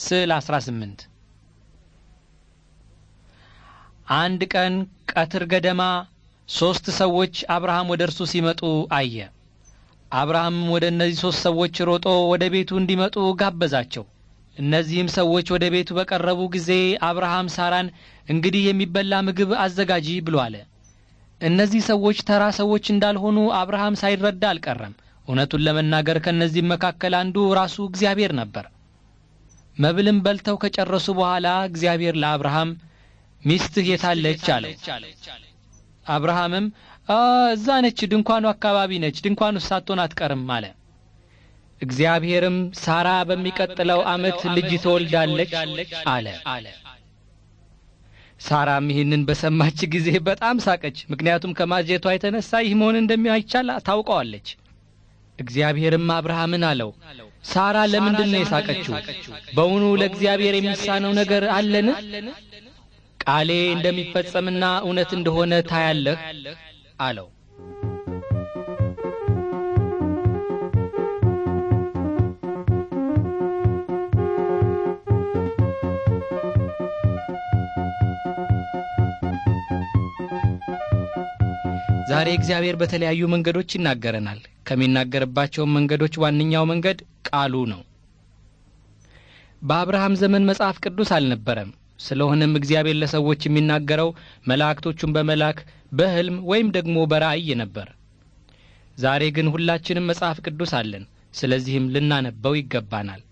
ስዕል 18 አንድ ቀን ቀትር ገደማ ሦስት ሰዎች አብርሃም ወደ እርሱ ሲመጡ አየ። አብርሃምም ወደ እነዚህ ሦስት ሰዎች ሮጦ ወደ ቤቱ እንዲመጡ ጋበዛቸው። እነዚህም ሰዎች ወደ ቤቱ በቀረቡ ጊዜ አብርሃም ሳራን እንግዲህ የሚበላ ምግብ አዘጋጂ ብሎ አለ። እነዚህ ሰዎች ተራ ሰዎች እንዳልሆኑ አብርሃም ሳይረዳ አልቀረም። እውነቱን ለመናገር ከእነዚህም መካከል አንዱ ራሱ እግዚአብሔር ነበር። መብልን በልተው ከጨረሱ በኋላ እግዚአብሔር ለአብርሃም ሚስትህ የታለች አለው። አብርሃምም እዛ ነች፣ ድንኳኑ አካባቢ ነች፣ ድንኳኑ ሳትሆን አትቀርም አለ። እግዚአብሔርም ሳራ በሚቀጥለው ዓመት ልጅ ትወልዳለች አለ። ሳራም ይህንን በሰማች ጊዜ በጣም ሳቀች። ምክንያቱም ከማጀቷ የተነሳ ይህ መሆን እንደሚያይቻል ታውቀዋለች። እግዚአብሔርም አብርሃምን አለው ሳራ ለምንድን ነው የሳቀችው? በእውኑ ለእግዚአብሔር የሚሳነው ነገር አለን? ቃሌ እንደሚፈጸምና እውነት እንደሆነ ታያለህ አለው። ዛሬ እግዚአብሔር በተለያዩ መንገዶች ይናገረናል። ከሚናገርባቸው መንገዶች ዋነኛው መንገድ ቃሉ ነው። በአብርሃም ዘመን መጽሐፍ ቅዱስ አልነበረም። ስለሆነም እግዚአብሔር ለሰዎች የሚናገረው መላእክቶቹን በመላክ በሕልም ወይም ደግሞ በራእይ ነበር። ዛሬ ግን ሁላችንም መጽሐፍ ቅዱስ አለን። ስለዚህም ልናነበው ይገባናል።